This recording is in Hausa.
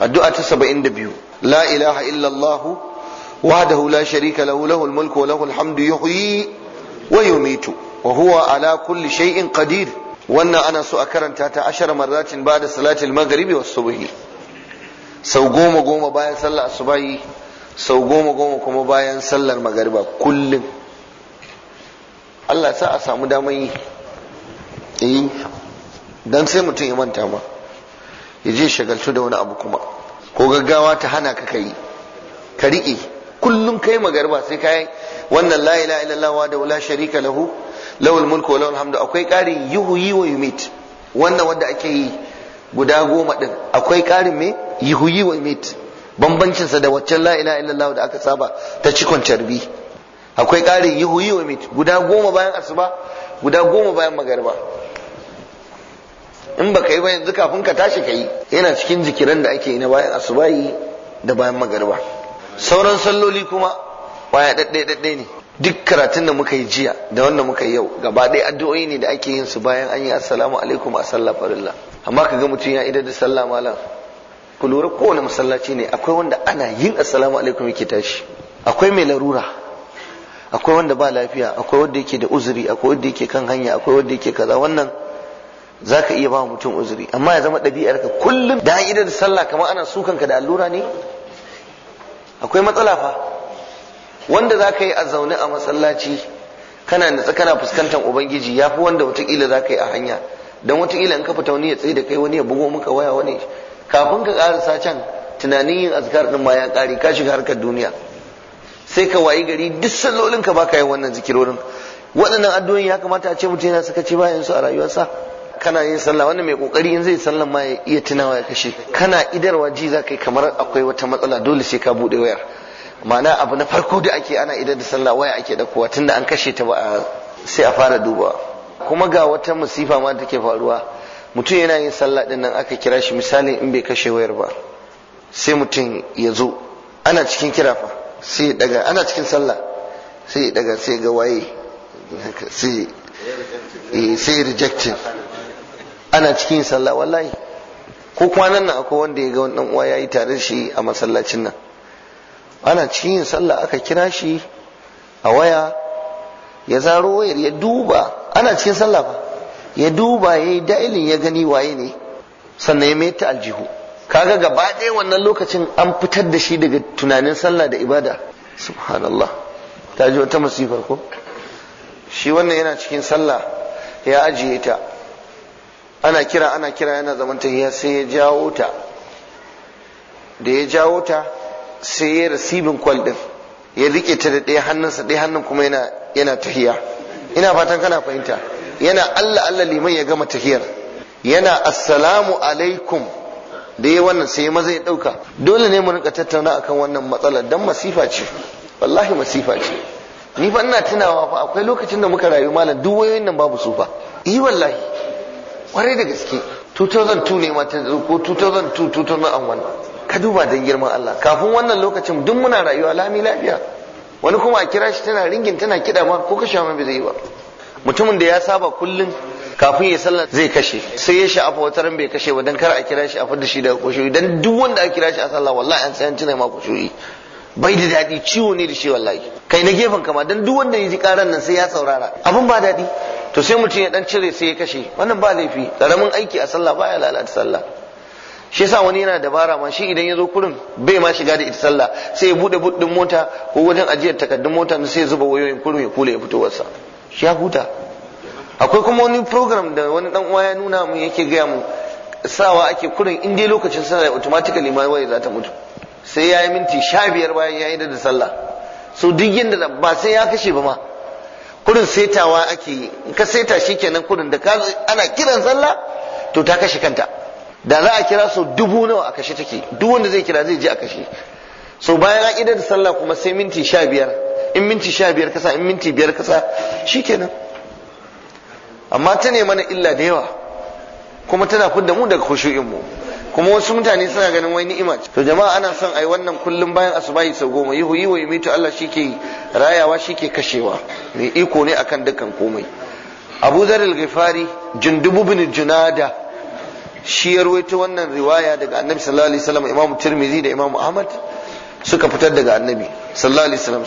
addu'a ta 72 la ilaha illallahu wahdahu la sharika lahu lahul mulku wa lahul hamdu yuhyi wa Wahuwa wa huwa ala kulli shay'in qadir wannan ana so a karanta ta ashar marratin ba da salatul maghribi was subhi sau goma goma bayan sallar asubahi sau goma goma kuma bayan sallar magariba kullum Allah sa a samu damar yi eh, don sai mutum ya manta ma ya je shagaltu da wani abu kuma ko gaggawa ta hana ka kai ka riƙe kullum kai magarba sai kai wannan la ilaha illallah da wala sharika lahu lawal mulku wa lawal hamdu akwai ƙarin yuhuyi wa yumit wannan wanda ake yi guda goma din akwai ƙarin me yuhuyi wa yumit Banbancinsa da waccan la ilaha illallah da aka saba ta cikon carbi akwai ƙarin yuhuyi wa yumit guda goma bayan asuba guda goma bayan magarba in ka yi ba yanzu kafin ka tashi ka yi yana cikin zikiran da ake yi na bayan asubahi da bayan magariba sauran salloli kuma baya daɗe daɗe ne duk karatun da muka yi jiya da wanda muka yi yau gaba ɗaya addu'o'i ne da ake yin su bayan an yi assalamu alaikum a sallah farilla amma ka ga mutum ya idar da sallah malam ku lura kowane masallaci ne akwai wanda ana yin assalamu alaikum yake tashi akwai mai larura akwai wanda ba lafiya akwai wanda yake da uzuri akwai wanda yake kan hanya akwai wanda yake kaza wannan za ka iya ba mutum uzuri amma ya zama ka kullum da idar sallah kamar ana sukan ka da allura ne akwai matsala fa wanda za ka yi a zaune a masallaci kana natsa kana fuskantar ubangiji ya fi wanda watakila za ka yi a hanya don watakila in ka fita wani ya tsaye da kai wani ya bugo maka waya wani kafin ka karasa can tunanin yin azkar din ma ya ƙare ka shiga harkar duniya sai ka wayi gari duk sallolin ka baka yi wannan zikirorin waɗannan addu'o'in ya kamata a ce mutum yana sakaci bayan su a rayuwarsa kana yin sallah wanda mai kokari in zai sallan ma ya iya tunawa ya kashe kana idarwa ji za yi kamar akwai wata matsala dole sai ka bude wayar ma'ana abu na farko da ake ana idar da sallah waya ake kuwa tunda an kashe ta ba sai a fara dubawa kuma ga wata musifa ma take faruwa mutum yana yin sallah din nan aka kira shi misali in bai kashe wayar ba sai mutum ya zo ana cikin kira fa sai daga ana cikin sallah sai daga sai ga waye sai eh sai rejecting ana cikin sallah wallahi ko kwanan nan akwai wanda ya ga wani uwa yayi tare shi a masallacin nan ana cikin sallah aka kira shi a waya ya zaro wayar ya duba ana cikin sallah ba ya duba ya yi da'ilin ya gani waye ne sannan ya mai ta aljihu kaga gaba ɗaya wannan lokacin an fitar da shi daga tunanin sallah da ibada subhanallah ta ji wata masifar ko shi wannan yana cikin sallah ya ajiye ta ana kira ana kira yana zaman tahiya sai ya jawo ta da ya jawo ta sai ya rasibin kwal din ya rike ta da ɗaya hannunsa ɗaya hannun kuma yana tahiya ina fatan kana fahimta yana Allah Allah liman ya gama tahiyar yana assalamu alaikum da ya wannan sai maza ya ɗauka dole ne mu rinka tattauna akan wannan matsalar dan masifa ce wallahi masifa ce ni fa ina tunawa fa akwai lokacin da muka rayu malam duk wayoyin nan babu su fa eh wallahi kwarai da gaske 2002 ne mata ko 2002 2001 ka duba dan girman Allah kafin wannan lokacin duk muna rayuwa lami lafiya wani kuma a kira shi tana ringin tana kiɗa ma ko kashe ma bai zai ba mutumin da ya saba kullun kafin ya sallar zai kashe sai ya sha'afa wata ran bai kashe ba dan kar a kira shi a da shi daga kushoyi dan duk wanda a kira shi a sallah wallahi an san cinai ma bai da daɗi ciwo ne da shi wallahi kai na gefen kama dan duk wanda ya ji karan nan sai ya saurara abin ba daɗi to sai mutum ya dan cire sai ya kashe wannan ba laifi karamin aiki a sallah baya lalata sallah shi yasa wani yana dabara ma shi idan ya zo kurin bai ma shiga da ita sallah sai ya bude buddin mota ko wajen ajiyar takardun mota ne sai ya zuba wayoyin kurin ya kula ya fito wasa shi ya huta akwai kuma wani program da wani dan uwa ya nuna mu yake gaya mu sawa ake kurin in dai lokacin sallah automatically ma waya za ta mutu sai ya yi minti sha biyar bayan ya yi da sallah so duk yadda ba sai ya kashe ba ma kurin setawa ake yi in ka seta shi kenan kurin da ana kiran sallah to ta kashe kanta da za a kira so dubu nawa a kashe take duk wanda zai kira zai je a kashe so bayan a idar da sallah kuma sai minti sha biyar in minti sha biyar kasa in minti biyar kasa shi kenan amma ta ne mana illa da yawa kuma tana kudda mu daga khushu'in mu kuma wasu mutane suna ganin wai ni'ima to jama'a ana son ai wannan kullum bayan asubahi sau goma yihu yi wa Allah shike rayawa shike kashewa mai iko ne akan dukkan komai Abu Dharr al-Ghifari Jundubu bin Junada shi ya rawaito wannan riwaya daga Annabi sallallahu alaihi wasallam Imam Tirmidhi da Imam Ahmad suka fitar daga Annabi sallallahu alaihi wasallam